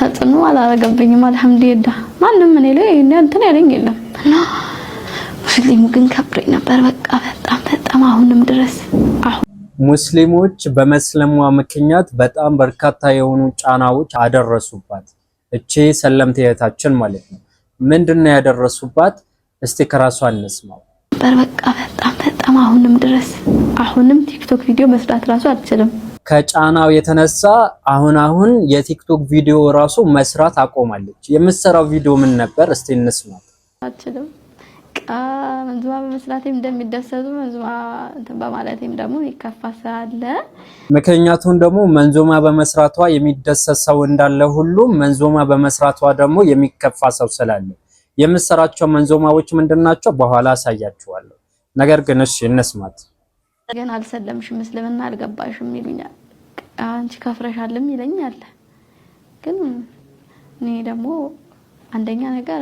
ተጽዕኖ አላረገብኝም። አልሐምዱሊላህ ማንም እኔ ላይ እንትን ያለኝ የለም እና ሙስሊሙ ግን ከብዶኝ ነበር። በቃ በጣም በጣም አሁንም ድረስ አሁን ሙስሊሞች በመስለሟ ምክንያት በጣም በርካታ የሆኑ ጫናዎች አደረሱባት። እቺ ሰለምት እህታችን ማለት ነው። ምንድነው ያደረሱባት? እስቲ ከራሷ እንስማው። በቃ በጣም በጣም አሁንም ድረስ አሁንም ቲክቶክ ቪዲዮ መስራት ራሱ አልችልም ከጫናው የተነሳ አሁን አሁን የቲክቶክ ቪዲዮ ራሱ መስራት አቆማለች። የምትሰራው ቪዲዮ ምን ነበር? እስቲ እንስማት። አችልም መንዙማ በመስራቴም እንደሚደሰቱ መንዙማ በማለቴም ደግሞ ይከፋ ስላለ ምክንያቱም ደግሞ መንዞማ በመስራቷ የሚደሰት ሰው እንዳለ ሁሉ መንዞማ በመስራቷ ደግሞ የሚከፋ ሰው ስላለ የምትሰራቸው መንዞማዎች ምንድን ናቸው? በኋላ አሳያችኋለሁ። ነገር ግን እሺ እንስማት። ግን አልሰለምሽም፣ እስልምና አልገባሽም ይሉኛል አንቺ ከፍረሻልም ይለኛል። ግን እኔ ደግሞ አንደኛ ነገር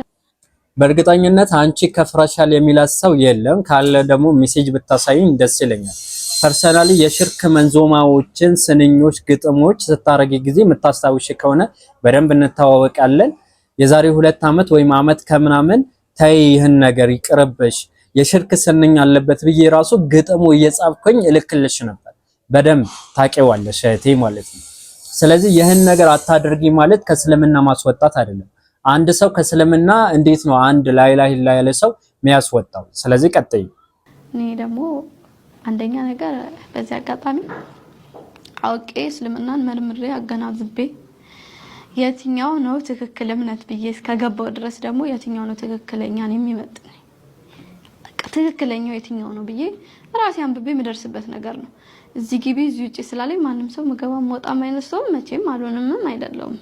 በእርግጠኝነት አንቺ ከፍረሻል የሚላት ሰው የለም። ካለ ደግሞ ሜሴጅ ብታሳይኝ ደስ ይለኛል። ፐርሰናሊ የሽርክ መንዞማዎችን፣ ስንኞች፣ ግጥሞች ስታረጊ ጊዜ የምታስታውሽ ከሆነ በደንብ እንተዋወቃለን። የዛሬ ሁለት ዓመት ወይም ዓመት ከምናምን ተይ ይህን ነገር ይቅርብሽ፣ የሽርክ ስንኝ አለበት ብዬ ራሱ ግጥሙ እየጻፍኩኝ እልክልሽ ነበር። በደንብ ታውቂዋለሽ እህቴ ማለት ነው። ስለዚህ ይህን ነገር አታድርጊ ማለት ከእስልምና ማስወጣት አይደለም። አንድ ሰው ከእስልምና እንዴት ነው አንድ ላይላ ላ ያለ ሰው የሚያስወጣው? ስለዚህ ቀጥይ። እኔ ደግሞ አንደኛ ነገር በዚህ አጋጣሚ አውቄ እስልምናን መርምሬ አገናዝቤ የትኛው ነው ትክክል እምነት ብዬ እስከገባው ድረስ ደግሞ የትኛው ነው ትክክለኛን የሚመጥነኝ ትክክለኛው የትኛው ነው ብዬ ራሴ አንብቤ የምደርስበት ነገር ነው። እዚህ ግቢ እዚህ ውጭ ስላለኝ ማንም ሰው ምገባ መውጣም አይነት መቼ መቼም አልሆንምም አይደለውም።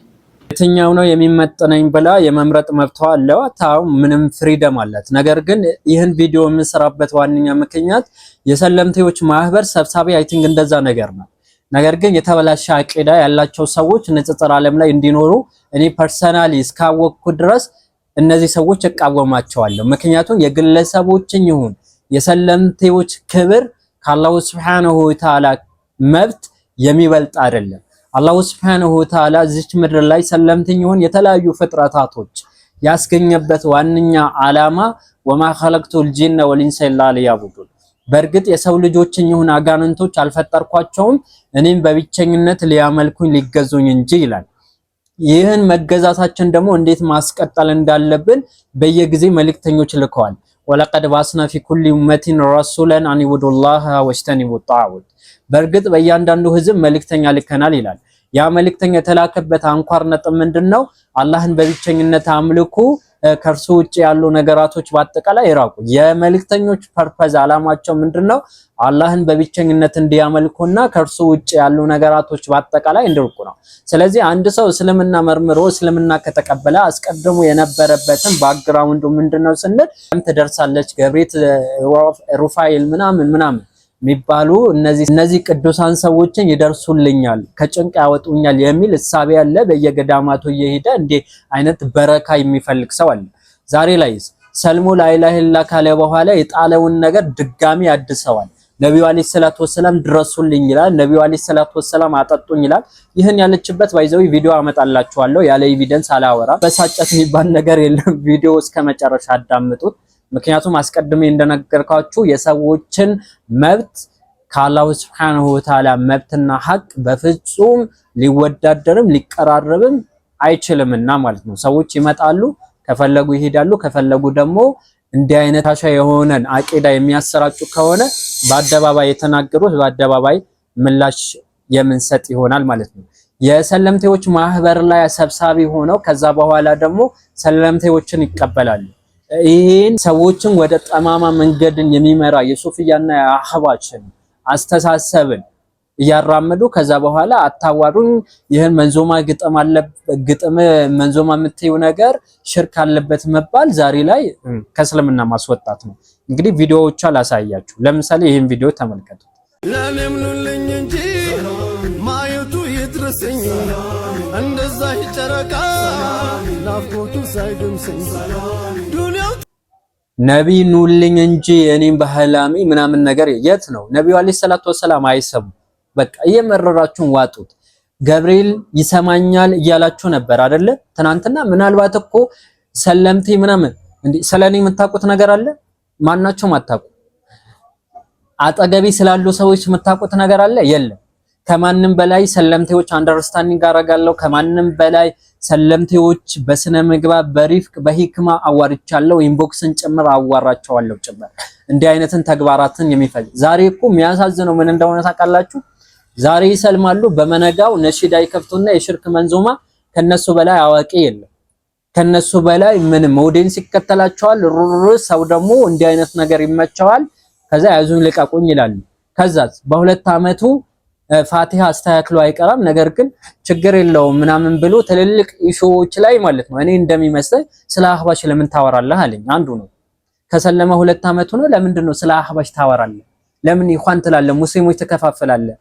የትኛው ነው የሚመጠነኝ ብላ የመምረጥ መብቷ አለዋት። አሁን ምንም ፍሪደም አላት። ነገር ግን ይህን ቪዲዮ የምንሰራበት ዋነኛ ምክንያት የሰለምቴዎች ማህበር ሰብሳቢ አይቲንግ እንደዛ ነገር ነው። ነገር ግን የተበላሸ አቂዳ ያላቸው ሰዎች ንጽጽር ዓለም ላይ እንዲኖሩ እኔ ፐርሰናሊ እስካወቅኩ ድረስ እነዚህ ሰዎች እቃወማቸዋለሁ። ምክንያቱም የግለሰቦችን ይሁን የሰለምቴዎች ክብር ከአላሁ ስብሓነሁ ወተዓላ መብት የሚበልጥ አይደለም። አላሁ ስብሓነሁ ወተዓላ እዚች ምድር ላይ ሰለምተኝ ይሁን የተለያዩ ፍጥረታቶች ያስገኘበት ዋነኛ ዓላማ ወማ ኸለቅቱል ጂነ ወልኢንሰ ኢላ ሊያዕቡዱን። በእርግጥ የሰው ልጆችን ይሁን አጋንንቶች አልፈጠርኳቸውም እኔም በብቸኝነት ሊያመልኩኝ ሊገዙኝ እንጂ ይላል። ይህን መገዛታችን ደግሞ እንዴት ማስቀጠል እንዳለብን በየጊዜ መልእክተኞች ልከዋል። ወለቀድ ባስና ፊ ኩሊ ኡመቲን ረሱለን አንቡዱላህ ወጅተኒቡ ጣዑት፣ በእርግጥ በእያንዳንዱ ህዝብ መልእክተኛ ልከናል ይላል። ያ መልእክተኛ የተላከበት አንኳር ነጥብ ምንድን ነው? አላህን በብቸኝነት አምልኩ ከእርሱ ውጭ ያሉ ነገራቶች በአጠቃላይ ይራቁ። የመልክተኞች ፐርፐዝ አላማቸው ምንድነው? አላህን በብቸኝነት እንዲያመልኩና ከእርሱ ውጭ ያሉ ነገራቶች በአጠቃላይ እንዲርቁ ነው። ስለዚህ አንድ ሰው እስልምና መርምሮ እስልምና ከተቀበለ አስቀድሞ የነበረበትን ባክግራውንዱ ምንድነው ስንል ትደርሳለች ገብሬት ሩፋኤል ምናምን ምናምን የሚባሉ እነዚህ ቅዱሳን ሰዎችን ይደርሱልኛል፣ ከጭንቅ ያወጡኛል የሚል እሳቤ ያለ በየገዳማቱ እየሄደ እንዴ አይነት በረካ የሚፈልግ ሰው አለ። ዛሬ ላይ ሰልሙ ላይላሂላ ካለ በኋላ የጣለውን ነገር ድጋሚ ያድሰዋል። ነቢዩ አለይሂ ሰላቱ ወሰላም ድረሱልኝ ይላል። ነቢዩ አለይሂ ሰላቱ ወሰላም አጠጡኝ ይላል። ይህን ያለችበት ባይዘው ቪዲዮ አመጣላችኋለሁ። ያለ ኤቪደንስ አላወራ በሳጨት የሚባል ነገር የለም። ቪዲዮ እስከ መጨረሻ አዳምጡት። ምክንያቱም አስቀድሜ እንደነገርኳችሁ የሰዎችን መብት ከአላሁ ስብሐነሁ ወተዓላ መብትና ሀቅ በፍጹም ሊወዳደርም ሊቀራረብም አይችልምና ማለት ነው። ሰዎች ይመጣሉ፣ ከፈለጉ ይሄዳሉ፣ ከፈለጉ ደግሞ እንዲህ አይነት አሻ የሆነን አቂዳ የሚያሰራጩ ከሆነ በአደባባይ የተናገሩት በአደባባይ ምላሽ የምንሰጥ ይሆናል ማለት ነው። የሰለምቴዎች ማህበር ላይ ሰብሳቢ ሆነው ከዛ በኋላ ደግሞ ሰለምቴዎችን ይቀበላሉ። ይህን ሰዎችን ወደ ጠማማ መንገድን የሚመራ የሱፍያና የአህባችን አስተሳሰብን እያራመዱ ከዛ በኋላ አታዋሩኝ፣ ይህን መንዞማ ግጥም ግጥም መንዞማ የምትይው ነገር ሽርክ አለበት መባል ዛሬ ላይ ከእስልምና ማስወጣት ነው። እንግዲህ ቪዲዮዎቿ ላሳያችሁ። ለምሳሌ ይህን ቪዲዮ ተመልከቱ። ለምኑልኝ እንጂ ማየቱ ይድረስኝ፣ እንደዛ ይጨረቃ ናፍቆቱ ሳይደምሰኝ ነቢ ኑልኝ እንጂ እኔም ባህላሚ ምናምን ነገር የት ነው ነቢዩ አለይሂ ሰላቱ ወሰላም አይሰሙ። በቃ እየመረራችሁን ዋጡት። ገብርኤል ይሰማኛል እያላችሁ ነበር አይደለ? ትናንትና ምናልባት እኮ ሰለምቴ ምናምን እንዴ ስለኔ የምታውቁት ነገር አለ? ማናቸውም አታውቁ። አጠገቢ ስላሉ ሰዎች የምታውቁት ነገር አለ? የለም። ከማንም በላይ ሰለምቴዎች አንደርስታንዲንግ አደርጋለሁ። ከማንም በላይ ሰለምቴዎች በስነ ምግባር በሪፍቅ በሂክማ አዋርቻለሁ። ኢንቦክስን ጭምር አዋራቸዋለሁ ጭምር እንዲህ አይነትን ተግባራትን የሚፈጅ ዛሬ እኮ የሚያሳዝነው ምን እንደሆነ ታውቃላችሁ? ዛሬ ይሰልማሉ፣ በመነጋው ነሺዳ ይከፍቱና የሽርክ መንዞማ ከነሱ በላይ አዋቂ የለም። ከነሱ በላይ ምንም ኦዲየንስ ይከተላቸዋል። ሩሩ ሰው ደግሞ እንዲህ አይነት ነገር ይመቸዋል። ከዛ ያዙን ልቀቁኝ ይላሉ። ከዛ በሁለት አመቱ ፋቲሃ አስተካክሎ አይቀራም። ነገር ግን ችግር የለውም ምናምን ብሎ ትልልቅ ኢሹዎች ላይ ማለት ነው እኔ እንደሚመስለኝ ስለ አህባሽ ለምን ታወራለህ አለኝ። አንዱ ነው ከሰለመ ሁለት አመት ሆኖ ለምንድን ነው ስለ አህባሽ ታወራለህ? ለምን ይኳን ትላለህ? ሙስሊሞች ትከፋፈላለህ።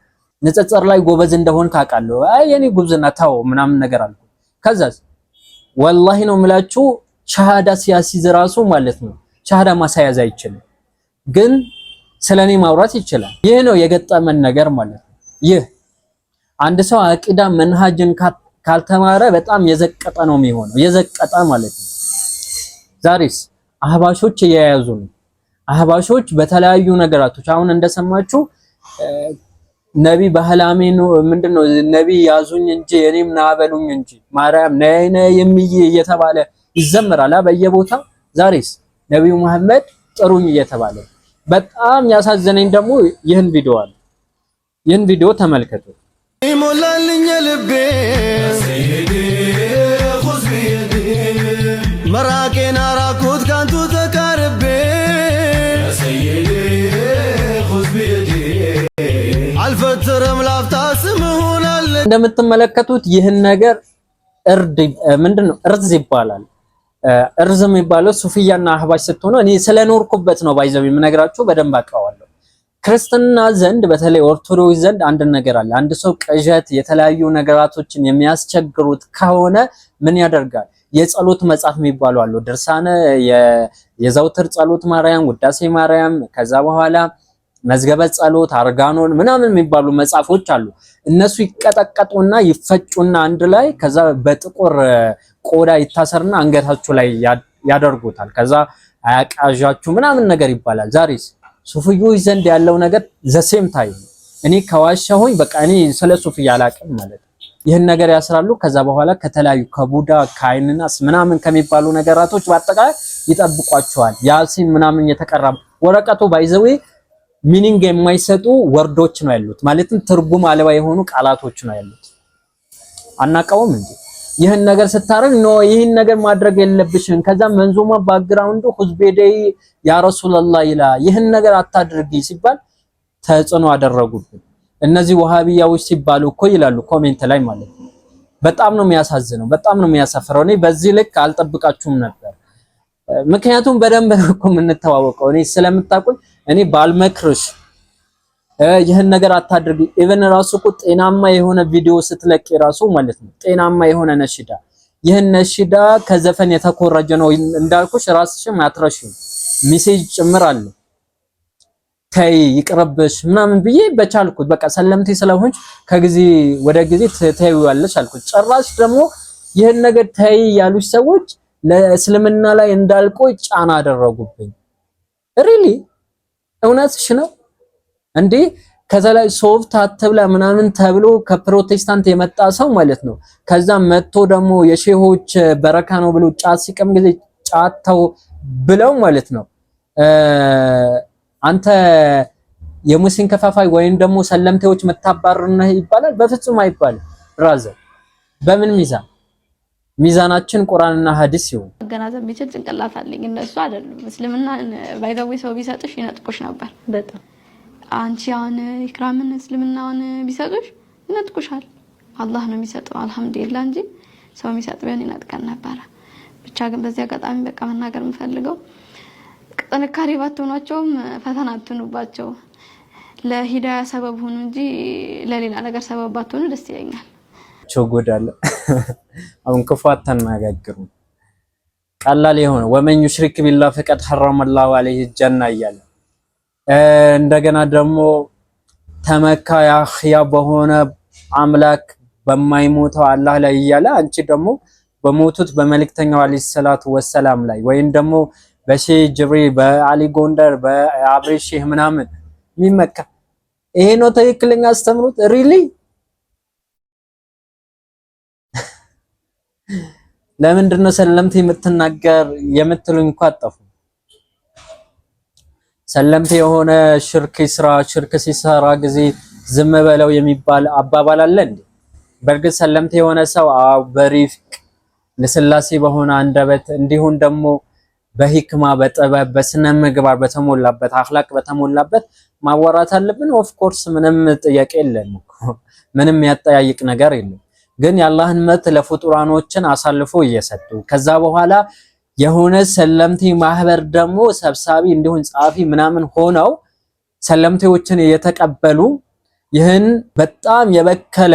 ንጽጽር ላይ ጎበዝ እንደሆን ካውቃለሁ። አይ የኔ ጉብዝና ታው ምናምን ነገር አልኩ። ከዛስ ወላሂ ነው የምላችሁ ሻሃዳ ሲያሲዝ ራሱ ማለት ነው ሻሃዳ ማሳያዝ አይችልም፣ ግን ስለኔ ማውራት ይችላል። ይህ ነው የገጠመን ነገር ማለት ነው። ይህ አንድ ሰው አቂዳ መንሃጅን ካልተማረ በጣም የዘቀጠ ነው የሚሆነው። የዘቀጠ ማለት ነው። ዛሬስ አህባሾች እየያዙ ነው። አህባሾች በተለያዩ ነገራቶች አሁን እንደሰማችሁ ነቢ ባህላሜ ነው ምንድነው ነቢ ያዙኝ እንጂ እኔም ናበሉኝ እንጂ ማርያም ነይ ነይ የሚዬ እየተባለ ይዘምራል በየቦታ። ዛሬስ ነቢዩ መሐመድ ጥሩኝ እየተባለ በጣም ያሳዘነኝ ደግሞ ይህን ቪዲዮ አለ ይህን ቪዲዮ ተመልከቱ። ይሞላልኝ ልቤ መራቄን አራኩት ካንቱ ተቃርቤ አልፈትርም ላፍታ እንደምትመለከቱት ይህን ነገር እርድ ምንድን ነው እርዝ ይባላል። እርዝ የሚባለው ሱፍያና አህባሽ ስትሆነ እኔ ስለኖርኩበት ነው ባይዘው የምነግራችሁ በደንብ አቀዋል። ክርስትና ዘንድ በተለይ ኦርቶዶክስ ዘንድ አንድ ነገር አለ። አንድ ሰው ቅዠት፣ የተለያዩ ነገራቶችን የሚያስቸግሩት ከሆነ ምን ያደርጋል? የጸሎት መጽሐፍ የሚባሉ አሉ። ድርሳነ የዘውትር ጸሎት ማርያም፣ ውዳሴ ማርያም፣ ከዛ በኋላ መዝገበ ጸሎት፣ አርጋኖን ምናምን የሚባሉ መጽሐፎች አሉ። እነሱ ይቀጠቀጡና ይፈጩና አንድ ላይ ከዛ በጥቁር ቆዳ ይታሰርና አንገታችሁ ላይ ያደርጉታል። ከዛ አያቃዣችሁ ምናምን ነገር ይባላል። ዛሬስ ሱፍዮች ዘንድ ያለው ነገር ዘሴም ታይም እኔ ከዋሻሁኝ በቃ እኔ ስለ ሱፍያ አላቅም ማለት ይህን ነገር ያስራሉ። ከዛ በኋላ ከተለያዩ ከቡዳ ከአይንናስ ምናምን ከሚባሉ ነገራቶች በአጠቃላይ ይጠብቋቸዋል። ያሲን ምናምን የተቀራ ወረቀቱ ባይዘዌ ሚኒንግ የማይሰጡ ወርዶች ነው ያሉት፣ ማለትም ትርጉም አልባ የሆኑ ቃላቶች ነው ያሉት። አናቀውም እንዴ? ይህን ነገር ስታረግ ኖ ይህን ነገር ማድረግ የለብሽም። ከዛ መንዙማ ባክግራውንዱ ሁዝቤደይ ያ ረሱላላህ ይላ ይህን ነገር አታድርጊ ሲባል ተጽዕኖ አደረጉብን። እነዚህ ወሃቢያዎች ሲባሉ እኮ ይላሉ ኮሜንት ላይ ማለት ነው። በጣም ነው የሚያሳዝነው፣ በጣም ነው የሚያሳፍረው። እኔ በዚህ ልክ አልጠብቃችሁም ነበር። ምክንያቱም በደንብ ነው እኮ የምንተዋወቀው። እኔ ስለምታውቁኝ እኔ ባልመክርሽ ይህን ነገር አታድርግ። ኢቨን ራሱ እኮ ጤናማ የሆነ ቪዲዮ ስትለቅ ራሱ ማለት ነው ጤናማ የሆነ ነሽዳ፣ ይህን ነሽዳ ከዘፈን የተኮረጀ ነው እንዳልኩሽ፣ ራስሽም አትረሽም። ሚሴጅ ጭምር አለ ከይ ይቅርብሽ ምናምን ብዬ በቻልኩት በቃ ሰለምቴ ስለሆንች ከጊዜ ወደ ጊዜ ትተይዋለሽ አልኩት። ጭራሽ ደግሞ ይህን ነገር ተይ ያሉሽ ሰዎች ለእስልምና ላይ እንዳልቆ ጫና አደረጉብኝ። ሪሊ እውነትሽ ነው። እንዴ ከዛ ላይ ሶፍት አትብላ ምናምን ተብሎ ከፕሮቴስታንት የመጣ ሰው ማለት ነው። ከዛ መጥቶ ደግሞ የሼሆች በረካ ነው ብሎ ጫት ሲቀም ጊዜ ጫተው ብለው ማለት ነው። አንተ የሙስሊም ከፋፋይ ወይም ደግሞ ሰለምቴዎች መታባርነ ይባላል። በፍጹም አይባልም። ራዘ በምን ሚዛን ሚዛናችን ቁርአንና ሐዲስ ይሁን። መገናዘብ የሚችል ጭንቅላት አለኝ። እነሱ አይደሉም። እስልምና ባይዘዊ ሰው ቢሰጥሽ ይነጥቆሽ ነበር በጣም አንቺ አሁን ኢክራምን እስልምናውን ቢሰጡሽ ይነጥቁሻል። አላህ ነው የሚሰጠው አልሐምዱሊላ እንጂ ሰው የሚሰጥ ቢሆን ይነጥቀን ነበረ። ብቻ ግን በዚህ አጋጣሚ በቃ መናገር የምፈልገው ጥንካሬ ባትሆኗቸውም ፈተና አትኑባቸው። ለሂዳያ ሰበብ ሁኑ እንጂ ለሌላ ነገር ሰበብ ባትሆኑ ደስ ይለኛል። ቸጎዳለ አሁን ክፉ አታነጋግሩ። ቀላል የሆነ ወመን ዩሽሪክ ቢላ ፈቀድ ሐረመላሁ ዐለይሂ ጀና እያለ እንደገና ደግሞ ተመካ ያህያ በሆነ አምላክ በማይሞተው አላህ ላይ እያለ አንቺ ደግሞ በሞቱት በመልእክተኛው አለይሂ ሰላቱ ወሰላም ላይ ወይም ደግሞ በሼህ ጅብሪ በአሊ ጎንደር በአብሬ ሼህ ምናምን የሚመካ ይሄ ነው ትክክለኛ አስተምሩት። ሪሊ ለምንድን ነው ሰለምቴ የምትናገር የምትሉኝ እኮ አጠፉ። ሰለምት የሆነ ሽርክ ስራ ሽርክ ሲሰራ ጊዜ ዝም በለው የሚባል አባባል አለ እንዴ? በእርግጥ ሰለምቴ የሆነ ሰው አው በሪፍቅ ለስላሴ በሆነ አንደበት እንዲሁም ደግሞ በሂክማ በጥበብ በስነ ምግባር በተሞላበት አኽላቅ በተሞላበት ማዋራት አለብን። ኦፍ ኮርስ ምንም ጥያቄ የለም እኮ ምንም ያጠያይቅ ነገር የለም። ግን የአላህን መብት ለፍጡራኖችን አሳልፎ እየሰጡ ከዛ በኋላ የሆነ ሰለምቴ ማህበር ደግሞ ሰብሳቢ እንዲሁም ጸሐፊ ምናምን ሆነው ሰለምቴዎችን የተቀበሉ ይህን በጣም የበከለ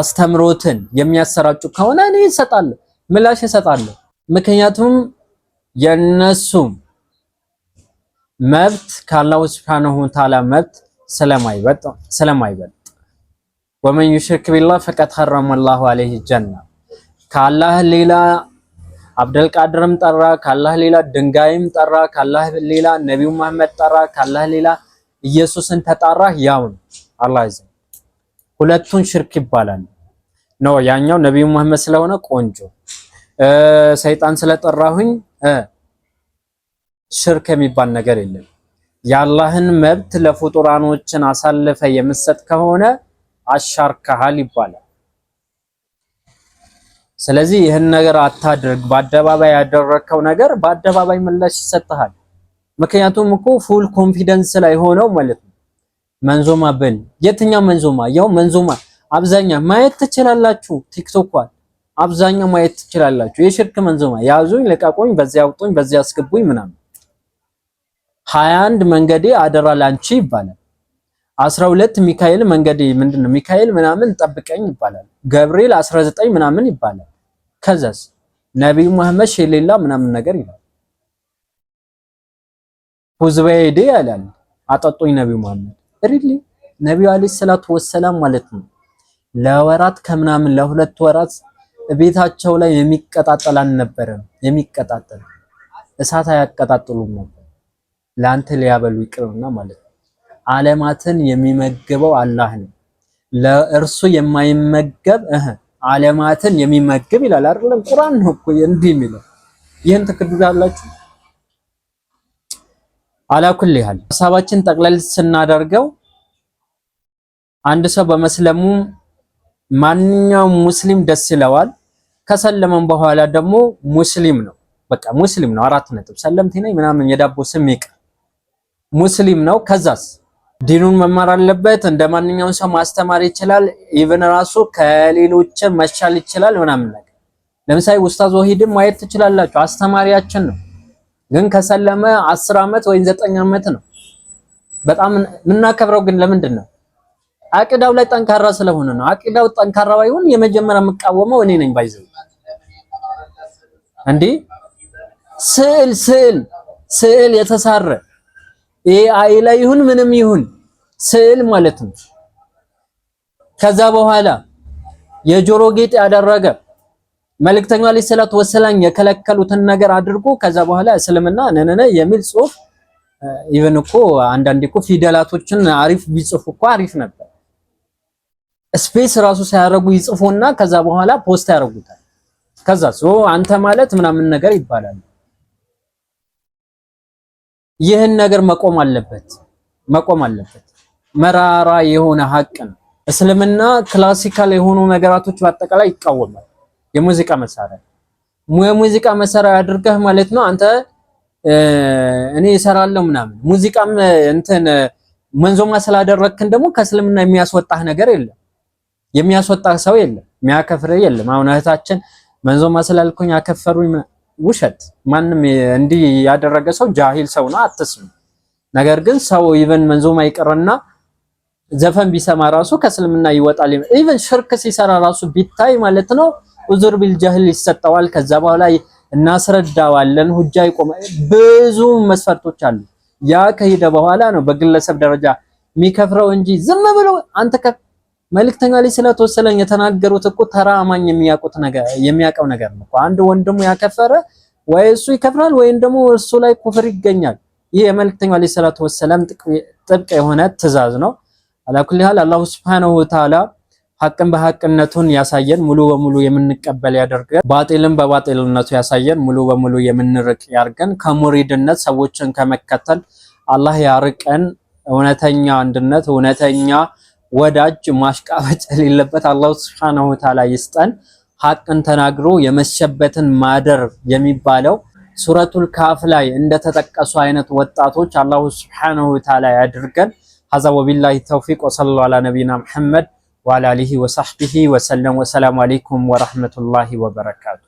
አስተምሮትን የሚያሰራጩ ከሆነ እኔ እሰጣለሁ፣ ምላሽ እሰጣለሁ። ምክንያቱም የነሱም መብት ከአላሁ ሱብሓነሁ ወተዓላ መብት ስለማይበልጥ ስለማይበልጥ ወመን ዩሽሪክ ቢላህ ፈቀድ ሐረመ አላሁ ጀና ከአላህ ሌላ አብደልቃድርም ጠራ፣ ካላህ ሌላ ድንጋይም ጠራ፣ ካላህ ሌላ ነቢዩ መሐመድ ጠራ፣ ካላህ ሌላ ኢየሱስን ተጣራ። ያው ነው አላህ ይዘን ሁለቱን ሽርክ ይባላል። ነው ያኛው ነቢዩ መሐመድ ስለሆነ ቆንጆ ሰይጣን ስለጠራሁኝ ሽርክ የሚባል ነገር የለም። የአላህን መብት ለፍጡራኖችን አሳልፈ የምትሰጥ ከሆነ አሻርከሃል ይባላል። ስለዚህ ይህን ነገር አታድርግ። በአደባባይ ያደረከው ነገር በአደባባይ ምላሽ ይሰጥሃል። ምክንያቱም እኮ ፉል ኮንፊደንስ ላይ ሆነው ማለት ነው። መንዞማ በል የትኛው መንዞማ? ያው መንዞማ አብዛኛ ማየት ትችላላችሁ። ቲክቶኳል አብዛኛው ማየት ትችላላችሁ። የሽርክ መንዞማ ያዙኝ፣ ልቀቁኝ፣ በዚህ አውጡኝ፣ በዚህ አስገቡኝ ምናምን ሀያ አንድ መንገዴ አደራ ላንቺ ይባላል። አስራ ሁለት ሚካኤል መንገድ ምንድን ነው ሚካኤል ምናምን ጠብቀኝ ይባላል። ገብርኤል አስራ ዘጠኝ ምናምን ይባላል። ከዛስ ነቢዩ መሐመድ ሸሌላ ምናምን ነገር ይላል። ሁዝበይዴ ያላል አጠጦኝ ነቢዩ መሐመድ ሪሊ ነቢዩ አለይሂ ሰላቱ ወሰላም ማለት ነው ለወራት ከምናምን ለሁለት ወራት ቤታቸው ላይ የሚቀጣጠል አልነበረም። የሚቀጣጠል እሳት አያቀጣጥሉም ነበር ለአንተ ሊያበሉ ይቅርና ማለት ነው። ዓለማትን የሚመግበው አላህ ነው። ለእርሱ የማይመገብ እህ ዓለማትን የሚመግብ ይላል አይደለም? ቁርአን ነው እኮ እንዲህ የሚለው። ይህን ትክዱታላችሁ። አላኩል ያህል ሀሳባችን ጠቅለል ስናደርገው አንድ ሰው በመስለሙ ማንኛውም ሙስሊም ደስ ይለዋል። ከሰለመም በኋላ ደግሞ ሙስሊም ነው፣ በቃ ሙስሊም ነው። አራት ነጥብ ሰለምቴ ነኝ ምናምን የዳቦ ስም ይቀር ሙስሊም ነው። ከዛስ ዲኑን መማር አለበት። እንደ ማንኛውም ሰው ማስተማር ይችላል። ኢቨን ራሱ ከሌሎችን መቻል ይችላል ምናምን ነገር። ለምሳሌ ኡስታዝ ወሂድን ማየት ትችላላችሁ። አስተማሪያችን ነው፣ ግን ከሰለመ አስር ዓመት ወይም ዘጠኝ ዓመት ነው። በጣም የምናከብረው ግን ለምንድን ነው? አቂዳው ላይ ጠንካራ ስለሆነ ነው። አቂዳው ጠንካራ ባይሆን የመጀመሪያ የምቃወመው እኔ ነኝ። ባይዘው እንዲህ ስዕል ስዕል ስዕል የተሳረ ኤአይ ላይ ይሁን ምንም ይሁን ስዕል ማለት ነው። ከዛ በኋላ የጆሮ ጌጥ ያደረገ መልእክተኛው አለይሂ ሰላቱ ወሰላም የከለከሉትን ነገር አድርጎ ከዛ በኋላ እስልምና ነነነ የሚል ጽሁፍ ኢቨን እኮ አንዳንዴ እኮ ፊደላቶችን አሪፍ ቢጽፉ እኮ አሪፍ ነበር። ስፔስ ራሱ ሳያደርጉ ይጽፉና ከዛ በኋላ ፖስት ያደርጉታል። ከዛ አንተ ማለት ምናምን ነገር ይባላል። ይህን ነገር መቆም አለበት መቆም አለበት። መራራ የሆነ ሀቅ ነው። እስልምና ክላሲካል የሆኑ ነገራቶች በአጠቃላይ ይቃወማል። የሙዚቃ መሳሪያ የሙዚቃ መሳሪያ አድርገህ ማለት ነው አንተ እኔ እሰራለሁ ምናምን ሙዚቃም እንትን መንዞማ ስላደረግክን ደግሞ ከእስልምና የሚያስወጣህ ነገር የለም፣ የሚያስወጣህ ሰው የለም፣ የሚያከፍርህ የለም። አሁን እህታችን መንዞማ ስላልኩኝ አከፈሩኝ ውሸት። ማንም እንዲህ ያደረገ ሰው ጃሂል ሰው ነው አትስም። ነገር ግን ሰው ኢቨን መንዞማ ይቅርና ዘፈን ቢሰማ ራሱ ከእስልምና ይወጣል። ኢቨን ሽርክ ሲሰራ ራሱ ቢታይ ማለት ነው ኡዙር ቢል ጃህል ይሰጠዋል። ከዛ በኋላ እናስረዳዋለን። ሁጃ ይቆም። ብዙ መስፈርቶች አሉ። ያ ከሄደ በኋላ ነው በግለሰብ ደረጃ የሚከፍረው እንጂ ዝም ብሎ አንተ መልእክተኛ ላይ ተወሰለኝ የተናገሩት እኮ ተራ አማኝ የሚያውቁት ነገር የሚያውቀው ነገር ነው። አንድ ወንድሙ ያከፈረ ወይ እሱ ይከፍራል ወይም ደግሞ እሱ ላይ ኩፍር ይገኛል። ይህ የመልእክተኛው ላይ ስለ ተወሰለም ጥብቅ የሆነ ትእዛዝ ነው። አላኩል ሀል አላሁ ሱብሓነሁ ወተዓላ ሐቅን በሐቅነቱን ያሳየን ሙሉ በሙሉ የምንቀበል ያደርገን፣ ባጢልን በባጢልነቱ ያሳየን ሙሉ በሙሉ የምንርቅ ያርገን፣ ከሙሪድነት ሰዎችን ከመከተል አላህ ያርቀን። እውነተኛ አንድነት እውነተኛ ወዳጅ ማሽቃበጭ የሌለበት አላሁ ሱብሓነሁ ወተዓላ ይስጠን። ሀቅን ተናግሮ የመሸበትን ማደር የሚባለው ሱረቱል ካፍ ላይ እንደተጠቀሱ አይነት ወጣቶች አላሁ ሱብሓነሁ ወተዓላ ያድርገን። ሀዛ ወቢላሂ ተውፊቅ ወሰለላሁ ዐላ ነቢይና መሐመድ ወዐላ አሊሂ ወሰሕቢሂ ወሰለም። ወሰላሙ አለይኩም ወረሕመቱላሂ ወበረካቱ።